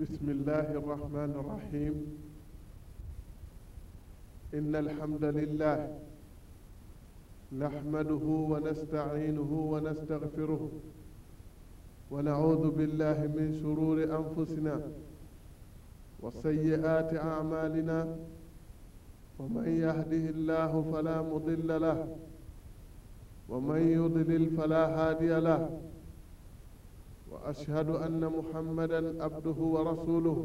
بسم الله الرحمن الرحيم إن الحمد لله نحمده ونستعينه ونستغفره ونعوذ بالله من شرور أنفسنا وسيئات أعمالنا ومن يهده الله فلا مضل له ومن يضلل فلا هادي له واشهد ان محمدا عبده ورسوله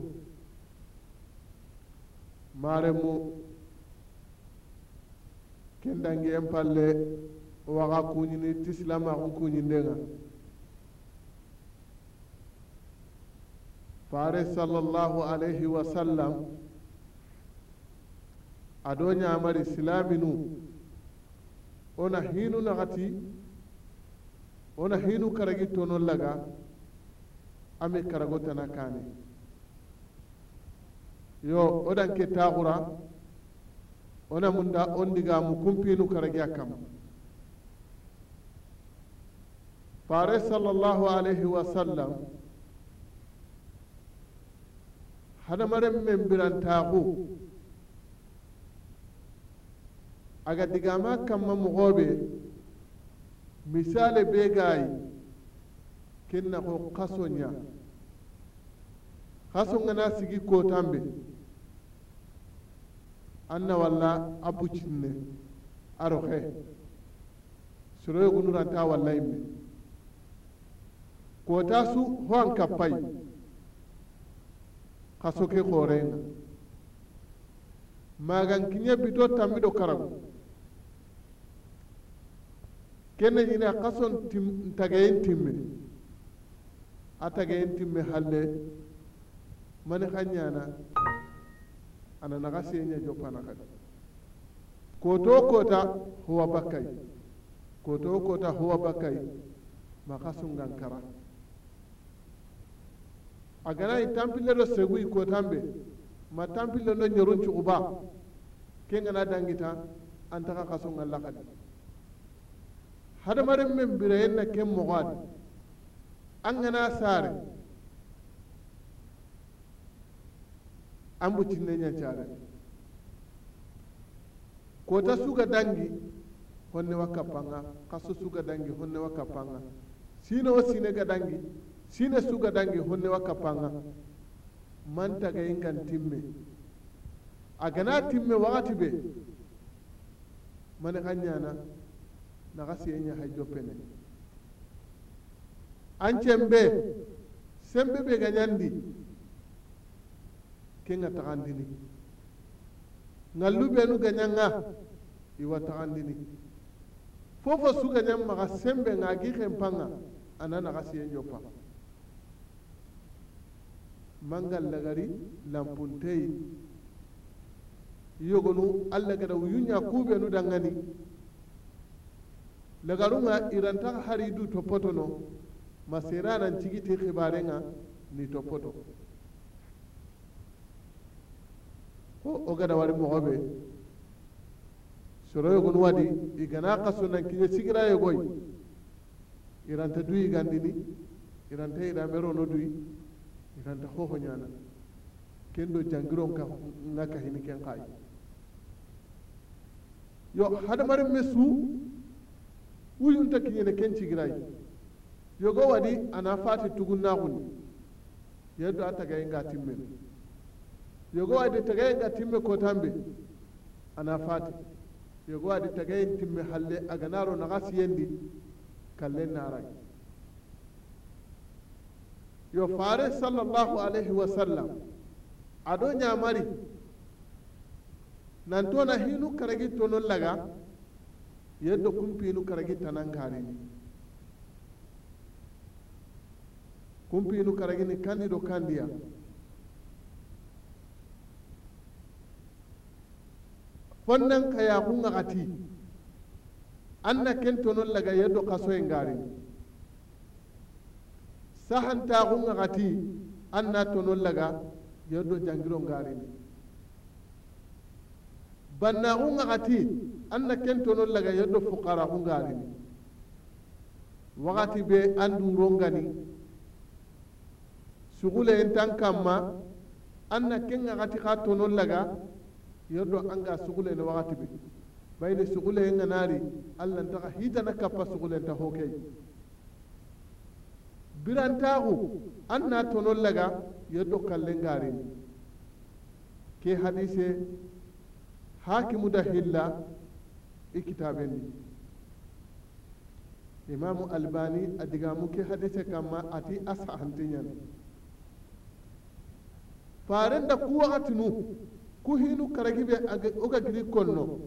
maremu kendangien palle waxa kuñini tisilamaxu kuñindenga fare sallallahu alayhi wa sallam ado ñamari silaminu ona hinu naxati ona hinu karagi tono laga an be karagotana kane yo o dan ke taxura wo na munda wo ndigamu kunpinu karage a kam fare sallallahu alayhi wa sallam hadamaren men birantaxu aga digama kamma moxoɓe misale be gaayi kenna ko kaso nya kaso ngana sigi ko tambe anna walla abu cinne aro he soroyo gunuranta walla imme kota su ho an kappai kaso ke korenga magan kinya bito tambido karamu kenne ñina kaso tim, tagayen timme atage en timme halle mani hanyana ana naga senya na kadi koto kota huwa bakai koto kota huwa ma maka kara, a ganayi tampille do segu iko tambe ma tampille do ñorun cuguba ke ngana dangita an taxa kasungan lakadi hadamaren men birayen na ken mogo an gana sare an bucin ne ta su suga dangi honne wa ka kappanga su suga dangi honne wa kappanga sine wo sine ga dangi sine suga dangi honne wa kappanga mantagayin gan timme a gana timme wakati be mani kan ñana naxa siye ñahay joppene ancen be sembe be gañandi ke nga taxandini ngallu benu gañanga iwa taxandini fofo su gañan maxa sembe nga gi xempanga ana naxa siye ñoppa mangal lagari lampunteyi yogonu allah gada wuyuña kuɓenu dangani lagarunga irantaxa haridu to potono masera nan cigiti xibarenga ni toppoto ko o gada wari mogo be soroyogun wadi i gana kaso nan kiñe sigira yogoy iranta duyi gandini iranta idamerono duyi iranta hoho ñana ken do jangiron ka nga kahini ken xaay yo hadamaren me su wuyunta kiñene ken cigirayi yogo wadi ana fati tugunnaxuni yeddo a tagayenga timme yogo wadi tagayenga timme tambe ana fati yogo wadi tagayen timme halle na gasi yendi kallen naragi yo fare sallallahu alaihi wa sallam ado to na hinu karagi tonon laga yadda fi kumpinu karagi tanan karini kumpiinu karagini kandido kandiya fonnan kayakunga an na kentonon laga yeddo kasoyen garini sahantaxunga gati anna tonon laga yeddo jangiron garini bannaxunga an na kentonon laga yeddo fuqaraxun gari wakati be an durongani sugule en tan kamma na kenga gati ka tonon laga an ga sugule ne wakati be bayne sugule en nari allah ta hitana kappa sugule ta hokey birantaxu an na tonon laga yodo kallengarin ke hadise hakimu da hilla i kitabendi imamu albani a digamu ke hadise kamma ati asahante ñani faren da ku wakati nu ku hinu a oga giri konno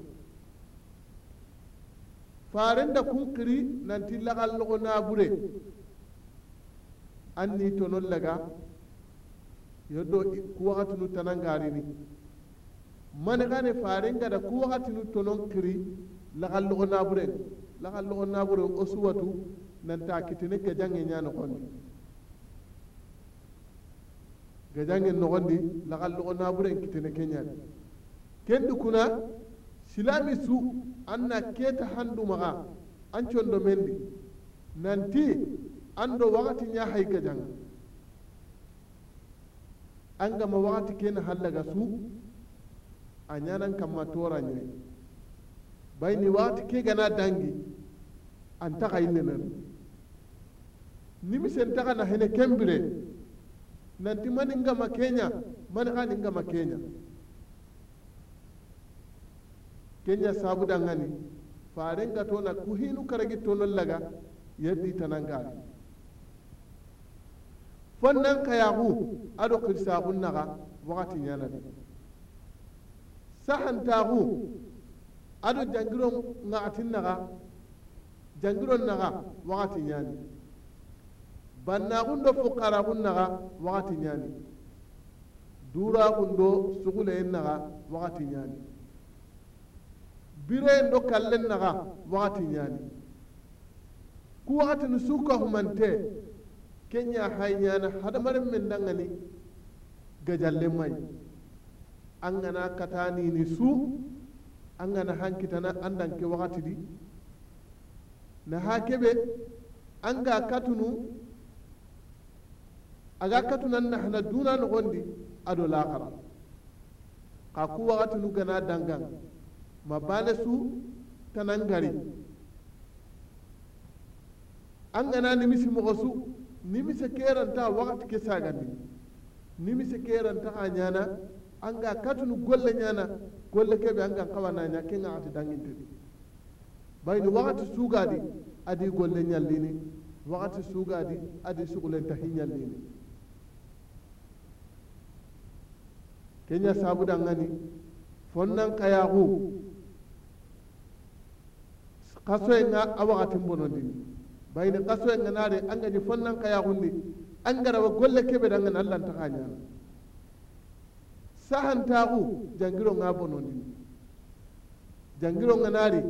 faren da kun kiri nanti lagal logo nabure an ni tonon laga yoddo ku wakati nu tanangarini mani gane faren gada ku wakati nu tonon kiri lagal na nabure lagal logo nabure osuwatu nanta kitine ke jange ñanogondi gajangen na buren nogo na kenya ne kendi kuna silami su an na keta maka an condo men di nanti an do wakati ya hay gajanga an gama wakati kena hallaga su a nyanan kama tora bai bayni wakati ke gana dangi an taxa yille nanu nimisen taxa na hene kembire nanti maninga kenya mani haninga makenya kenya sabu dangani farenga tona kuhinu karagi tonon laga yeddi tanangari fonnan kayahu ado kirsagun naga wakati sahan tahu ado jangiron ngatin naga jangiron naga wakati ni. bannaxun do fuqaraxun naxa waxati ñaani duraxun do suguleyen naxa waxati ñaani bireyen do kallen naxa waxati ñaani ku waxatini sukkahumante kenya hay ñana hadamaren men dangani gajallen may an gana katanini su an gana hankitana an danke waxati di naha keɓe an ga katunu aga na hana duna nogondi ado lakara, xa ku waxatinu gana dangan ma bane su gari an gana nimisi moxo su nimise keranta waxati ke sagandi nimise keranta xa ñana an ga katunu golle ñana golle kebe an gan xawanaña ke bai ni bayni su gadi adi golle ñallini su gadi adi ta hi nyallini. kenya sabu dangani fonnan kayaku xasoyenga a waxatin bonondini bayini xasoyenga naare a ngañi fonnan ne an garawa golle sahan ta ku lantaxa ñana sahantaxu jangironga bonondini na naari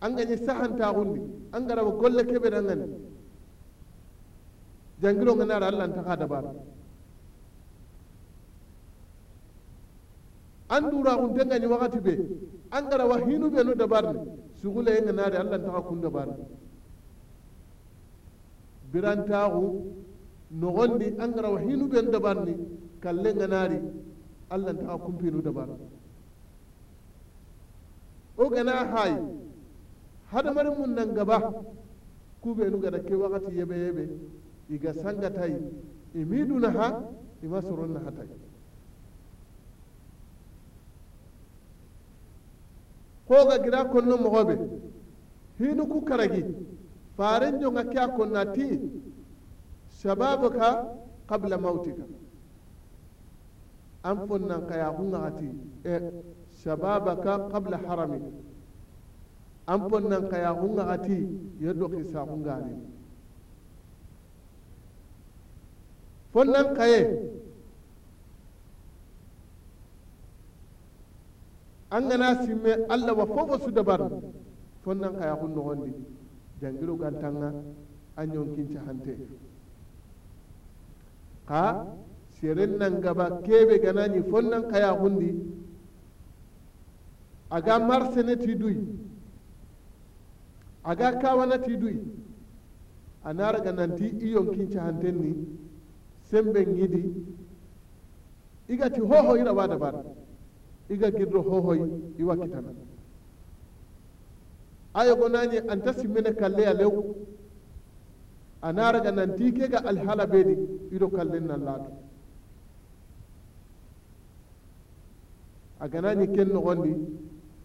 an ku ne an garawa golle keɓe dangani na naari an lantaxa dabara an dura kun denga ni wakati be an gara wa hinu be no dabarni sugula yenga nare allah ta kun dabar. ku birantaxu noxondi an gara wa hinu be no dabarni kallenga nari allah taka kumpinu dabar. o gana hayi hadamari mun nan gaba ku kubenu gada ke wakati yebe yebe iga sangatayi imiduna ha ima soron na hatayi ko ga gira konno mogoɓe hinu ku karagi farin jonga ke a konna ti shababuka qabla mautika an fonnan kaya hungaxati e shababaka qabla haramika an fonnan kaya hungaxati ye doki saxunganin fonnan kaye An si me allah wa fofo sudabar fonnan kaya hun nogondi jangiro gantanga a ñonkinca hante ka seren kebe gana ganañi fonnan kaya hundi aga marseneti duy aga ti duy a naraga nanti i yonkinca hante ni sembe iga igati hoho wa dabar. iga gidro hohoy iwa kitana ayo go nani anta simmine kalleya lew a naraga nanti kega alhala bedi ido kallen nan laatu a ganani ken a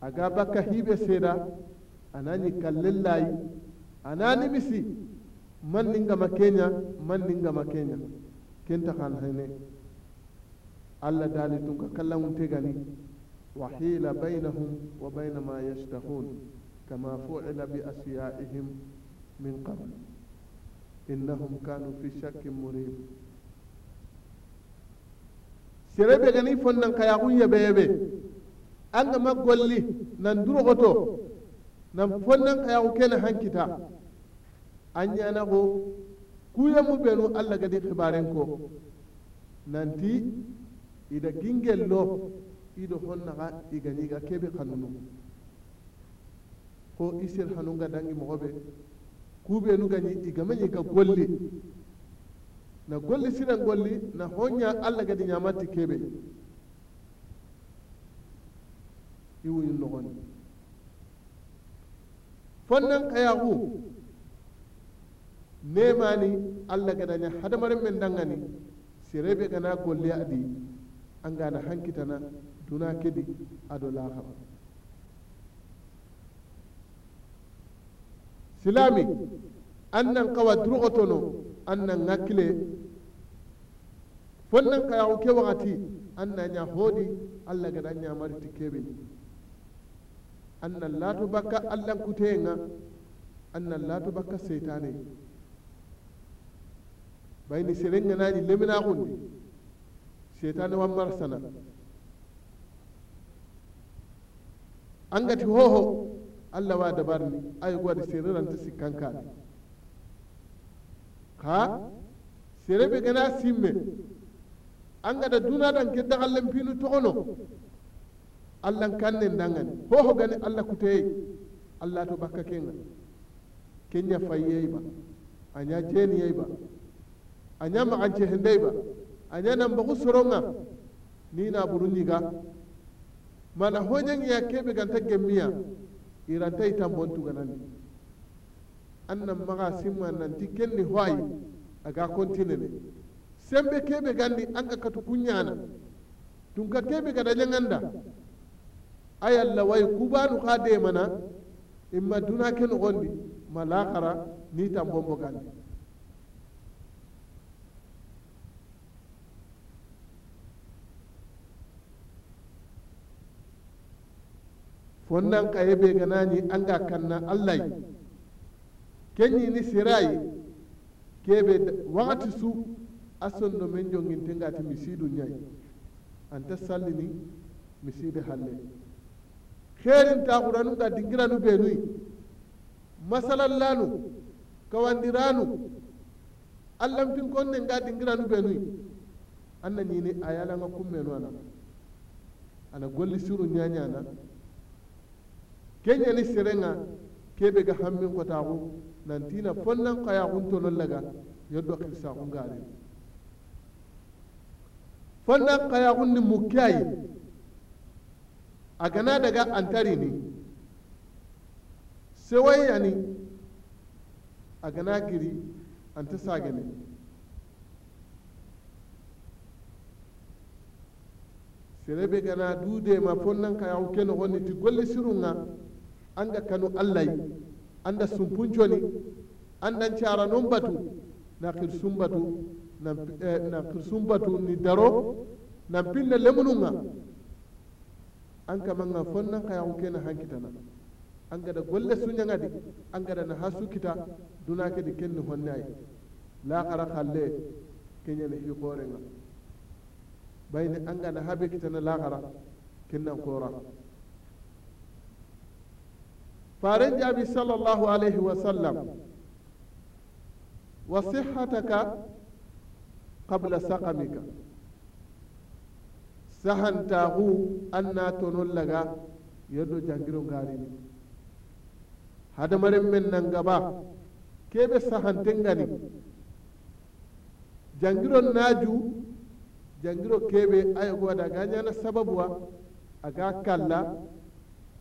aga bakka hiiɓe seeda anani kallen laayi anani misi man ningama keña man ningama keña ken taxan hene allah daali tun ka kallangunte gani وحيل بينهم وبين ما يشتهون كما فعل بأسيائهم من قبل إنهم كانوا في شك مريب سيربي غني فنن كياغون يبيبي أنا ما قول لي نندرو غطو نفنن كياغو كينا حنكتا أني أنا غو كويا مبينو ألا قدي خبارنكو ننتي إذا جنجل ido honnaxa i ganiga kebe xanunu ko i ser xanunga dangi moxoɓe kuɓenu gañi i gamañiga golli na golli siran golli na hoña allah gadi ñamatti kebe i wuñu noxoni fonnan xayaxu nemani allah gadaña hadamaren men dangani serebe gana golli adi angana hankitana tuna kedi ado lahar silami an nan kawa durotono an nan ŋakkile fon nan kayaxu ke waxati an na ña hoodi allah gada ñamariti keɓeni an nan laatu bakka allahnkuteyenga an nan laatu bakka seytane bayni serenganañi leminaxundi seytane wa marasana angati hoho allah wa dabarni ta si kanka sikkankani ha serebe gana simme duna dan ke dagallen allah togono ne kannen dangani hoho gani allah kuteye allah to bakka kenga kenya fayyey ba anya yai ba anya magancehendey ba anya ku soronga ni na buru ga. mana hoñang ya keɓe ganta gemmiya iranta i tambon tuganandi an nan maga simma nanti kenni hoayi aga continene sembe keɓe gandi an ga katu kuñana tun ka keɓe gada ñaganda ayalla wayi kubanu ha demana imma duna ke nogondi ma lakara ni tambon bogandi wannan kaye ni an ga kanna allah kenyi ni sirai da wakati su a do domin jongin tinga ti misidu nyai anta sallini da halle herin ta nuka dingira nu be nui masalan lanu kawandiranu allam tin konne ga dingiranu be nui anna ni ni ayala nga kummenu ana ana golli suru nyanya na keñali sirenga kebe ga hammin kotaku nantina fonnan kayaxun tonon laga yoddo xirsaxun gaari fonnan kayaxun ni mukke ayi a gana daga antarini sewai yani a gana giri anta sagane serebe gana ma fonnan kayaxu ke noxonni ti golle sirunga anga kanu allah anda sumpunconi dan cara non batu na kirsun batu na eh, kirsun batu ni daro na pinna lemununga an kamanga fonnan kayaku kena na an gada golle suñanga di an da na kita duna ke di kenni honne ay kenya xalle keñene kore xoorenga bayni an habi kita na la laxara kenna kora faren jaabi sallallahu alaihi wa sallam wa sihataka qabla sakamika sahantaxu an na tonon laga yodo jangiro ngarini hadamaren men kebe keɓe sahantengani jangiro naju jangiro kebe ayogo ada aga ñana sababuwa ga kalla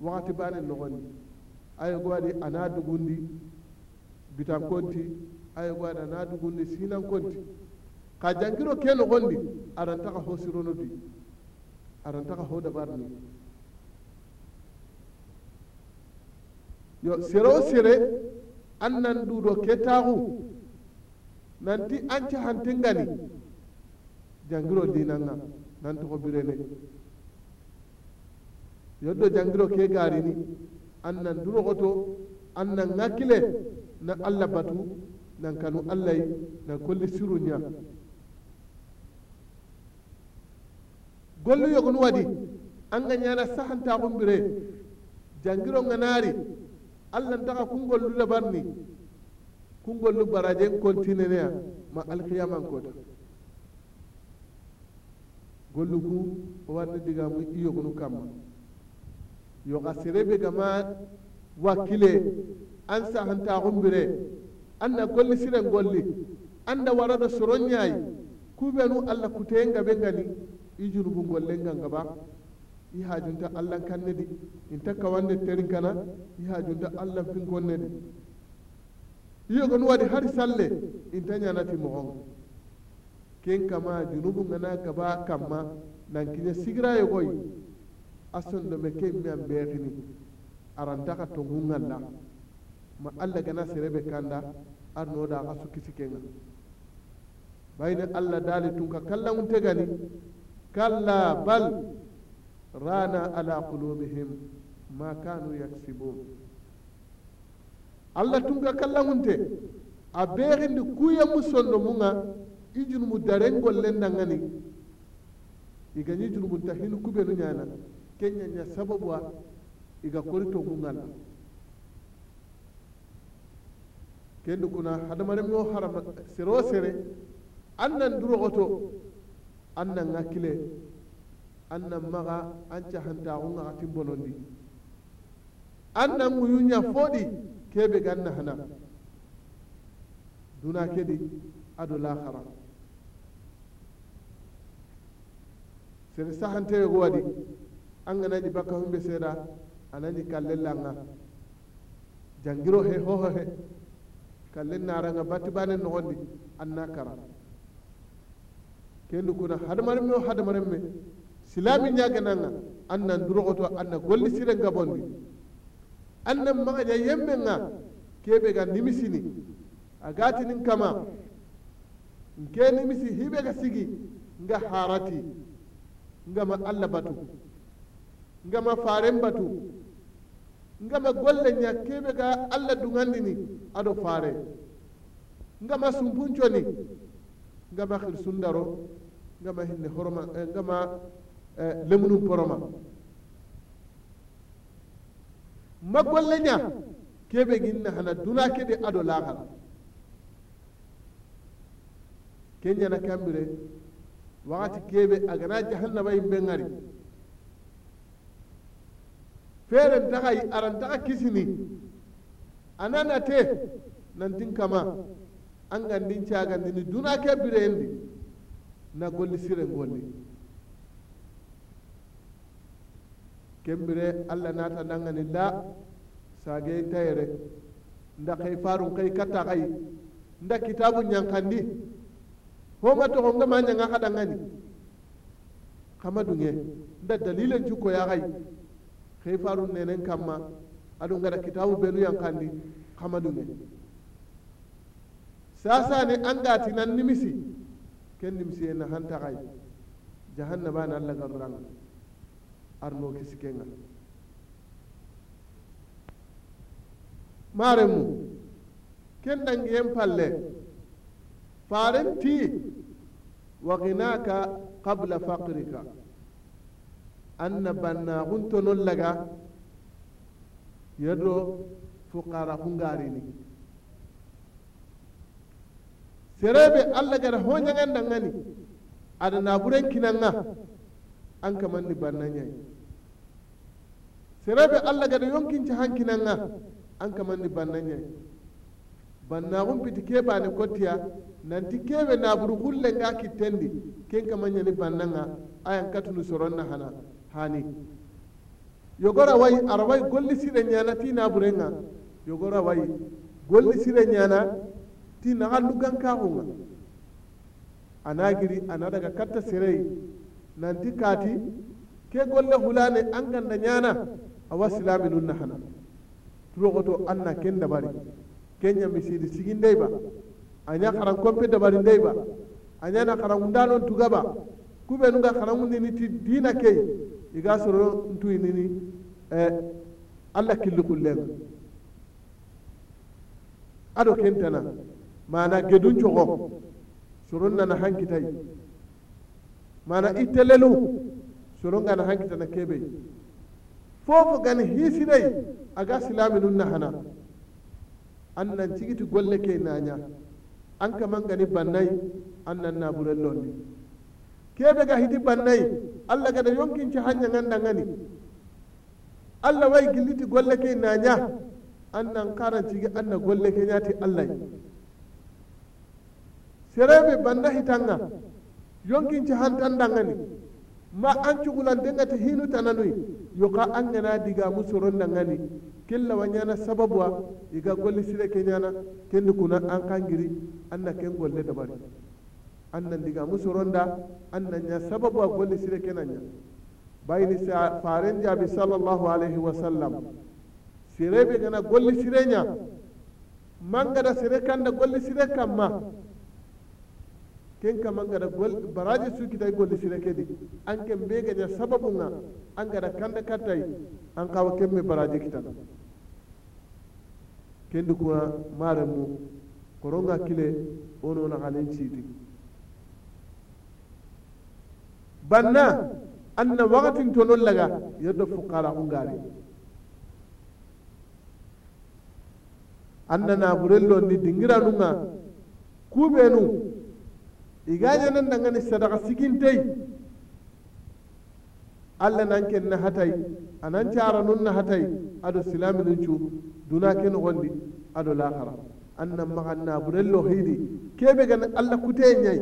wakati bane nogondi aye gwaade ana dugundi bitankonti aye gwaade ana dugundi sinankonti ka jankiro ke nogondi aranta taka ho sirono di aranta ka ho dabar ni yo sere o sere an nan ɗuɗo ke taxu nanti an cahantengani jangiro dinanga nan toxo birene yoddo jangiro ke garini annan durogoto annan ŋakkile na allah batu nan kanu allahy nan kolli siru ña gollu yogonu wadi an ga ñana sahantaxumbire jangiro ŋa naari allah ntaxa kungollu labarni kungollu barajen contineneya ma alkiyaman kota gollu ku o warni digamu i yogonu kamma yoga sirebe gama wakile an sahantaxum bire an na golli siren golli an da ku soronñayi kuɓenu allah kuteyengabe ngani i junubu ba i hajunta allah kanne di inta kawanne terin kana i hajunta allah pinkonne di yogonu wadi hari salle inta ñanati moxon ken kama junubu ngana gaba kama nan kiña sigira yogoyi asondome kemme an beexini ka tongungan da ma allah gana serebe kanda a noda xa sukisi kenga bayne allah daali tunka kallanguntegani kalla bal rana ala qulubihim ma kanu yaksibun allah tunka kallangunte a mu sondo munga i junumu darengollen dangani i gañi junubunta hin kubenu nyana. kenya nya sababu iga korito gungana kendu kuna hadamaren yo harama sero sere annan duro oto annan ngakile annan maga anca hanta unga atin bonondi annan uyunya fodi kebe ganna hana duna kedi adu lahara sere sahantewe gowadi an gana ni baka hun be seda di kalle langa jangiro he ho he kalle naranga batu bane an anna kara kendu kuna hadmar mi o hadamaren me silami na an nan durogoto an na golli sirenga bondi an nan magaja yemmenga kebe ga nimisini a gatinin kama nke nimisi hibe ga sigi nga harati ngama allah batu ngama faren batu ngama golle nya kebe ga allah dugandini ado fare ngama sumpunconi ngama xir sundaro ngama hinne horoma eh, ngama eh, lemunu poroma ma golle nya kebe ginna hana duna kede aɗo laxala kenya na kambire waxati kebe agana jahannaba yimɓe ngari fere kisi aran a kisini anana te nantin kama an gandin cagandini duna ke birendi na golli siren golli bire allah nata dangani da sage tayere nda kay farun kay katta kay nda kitabu nyankandi homa to honga ma nyanga kadangani kama dunge nda dalilin cuko ya kai faru nenen kamma aɗum gaɗa kitabu beluyan kandi ne an angati nan nimisi ken nimisi ena hantaxay na allah garranga arno kisi kenga maremu ken dangiyen palle faren ti wa ginaka qabla faqrika An na banna guntonon laga yedo fukara hungarini serebe allah gara hoñagan dangani ada naburen kinanga an ni kamanni bannañayi serebe allah gara yonkinci han kinanga an ni kamanni bannañayi bannaxum piti keɓane kottiya nanti keɓe naburu hullenga kittendi ken kamañani bannanga ayan katunu soronna hana hani yogora wai arwai golli sire nyana ti burenga yogora wai golli sire nyana ti naxa ganka ana anagiri ana daga katta sire nanti kati ke golle hulane an ganda ñana awa silami nun naxana turoxoto an na kenya dabari ken ñammi anya sigindey ba a bari xaran compe dabarindey ba a ñana xarangundanon tuga ba kuɓenunga xarangunnini ti diina ke. iga soro ntuinini eh, alla killi kullenga ado kentana mana gedun cogo soron nana hankitai mana ittelelu soron gana hankitana kebe fofo gani hisidai aga silami nun nahana an nan cigiti golle ke naña an kaman gani bannai an nan naburen londi kebe ga hidi bannayi allah yonkin ci hanya ganda gani allah wai giliti golle ke nya an nan karanci ga anna golle ke nyati allah serebe banna hitanga yonkinci hantan dangani ma an gulan denga ta hinu tananui yoka an gana diga musoron dangani killa na sababuwa iga golle sire ke nyana kendi kuna an kangiri anna ken golle dabari annan diga ronda annan ya sababu a golli sire bai ni sa faren jabi sallallahu alaihi wa sallam sire be gana golli sire nya da sire da golli sire ma ken ka mangada gol baraji su kitai golli sire kedi an ken be gana sababu nga an gada da katai an kawa kemme baraji kitana kendi kuma maremu koronga kile ono na halin citi banna anna wakatin tonon laga yadda fukara gari anna na burello ni dingira nunga kubenu igaje nan dangane sadaka sigintai allah nan ken na hatai anan cara nun na hatai ado nun cu duna ken gondi ado lahara annan magan na burello hidi kebe gan allah kute nyai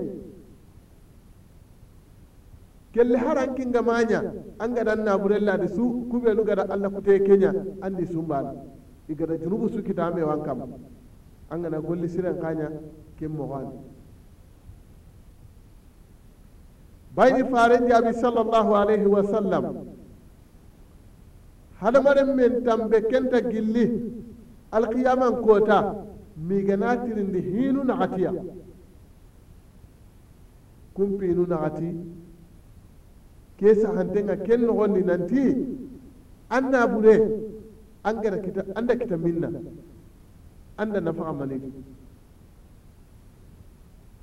kelle haran kinga manya an naburella da su kuɓenu gaɗa allah kute keña andi sumbaɗo i gaɗa junubu sukkitame wan kam an na golli kanya kaña ken moxoani bayni faren jaabi sallallahu alaihi wa sallam hadamaren men tambe kenta gilli alqiyaman hinu na tirindi hiinu nu na naxati ke sahantenga ken nogondi nanti an bure an gara kita an da kita minna an da nafaxa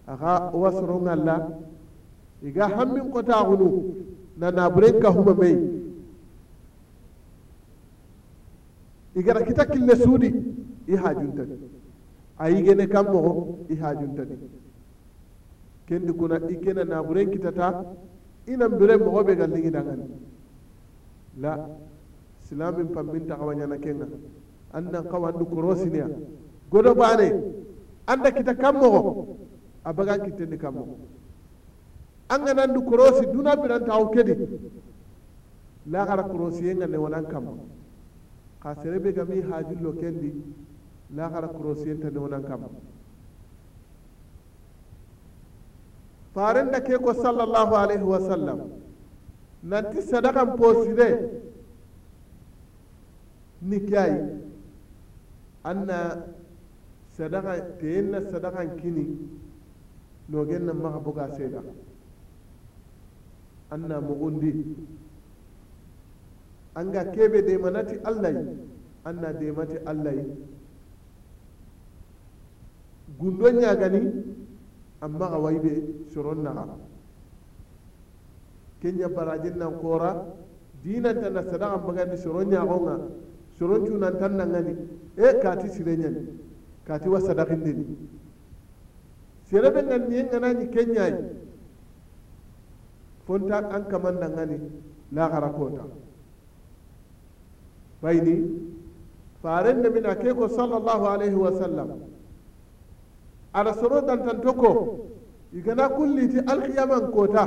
aga axa ngalla iga la iga ta hunu na na ka huma mey igara kita kille sudi i hajuntani a yigene kam moxo i hajuntani kendi kuna na bure kita ta. ina bire mɔgɔ bɛ ka ligi dangani la min pambin taxawa ñana kenga an nan du korosi korosiniya godo bane da kita kam mɔgɔ a bagan ni kam mɔgɔ an ga du korosi duna o kedi laxara ka ne ka sere bɛ ka min hajullo kendi laxara ta ne wonan kama. farin da ke ko sallallahu alaihi wasallam ti sadakan posire ni kyayi anna sadaka na sadakan kini nogen na maxa boga seeda anna moxundi anga kebe demanati allahy anna demati allahy gundo gani. amma a wayɓe soronna ala kenya barajin nan kora dinanta na sadaka ya soron ñagonga soron cunantan nangani eh kati sireñani kati wa sadakindini serebe ngan ñe nganañi yi ta an kaman nangani laxara kota ni faren da ke ko sallallahu alaihi wa sallam Ara soro daltan tokko igana kulliti alkiyaman kota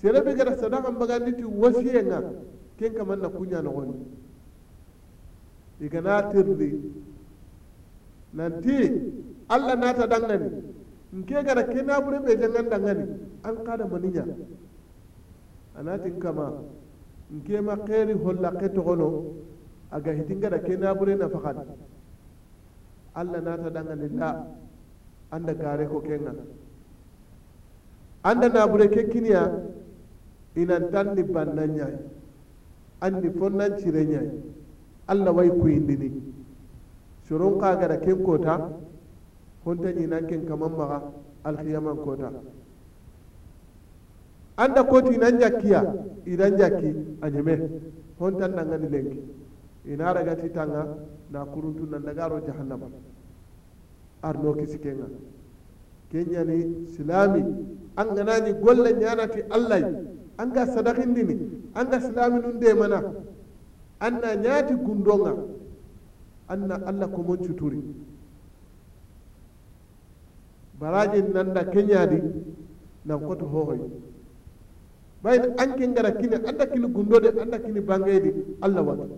serebe gata sadakan baganditi wasiyenga ken kunya no woni igana tirli nanti allah nata dangani nke gara ke nabure be jangan dangani an kada maninya anati kama nke ma xeeri hollaxe gono aga hitingada ke na nafaxan allah nata dangani la anda gare ko kenga anda bure ke kiniya ina tanni ni banna ñayi anni fonnan cire ñayi allah way ka soron kagada ken kota honta ñinan ken kaman maxa alxiyaman kota anda koti nan jakkiya idan jakki a ñeme nan nangani lenki ina ragati tanga na kuruntu nan dagaro jahannama arno kisi kenga ni silami an ganani golle ti allah an sadakin dini an silami nunde mana an na gundonga an na allah komon cuturi baraji nanda di na koto hohoy bayin an ke gara kini anda kini gundode anda kini di allah wato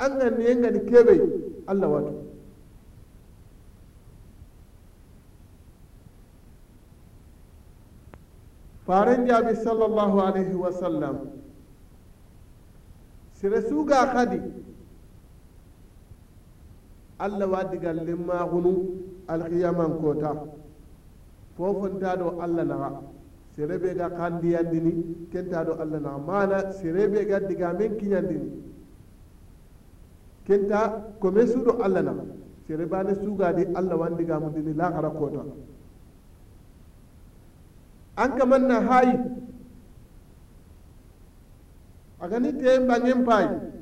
an ga ni kebe allah wato faren jaabi sallallahu alaihi wa sallam sere suuga kadi allah wa digal kota fofon ta do allah naxa sire be ga xandiyandini kenta do allah na mana sire be ga digamen kiñandini kenta kome mesudo allah naxa sere bane di allah wa wandigamundini laxara kota. an kaman na hayi a gani te bangen pai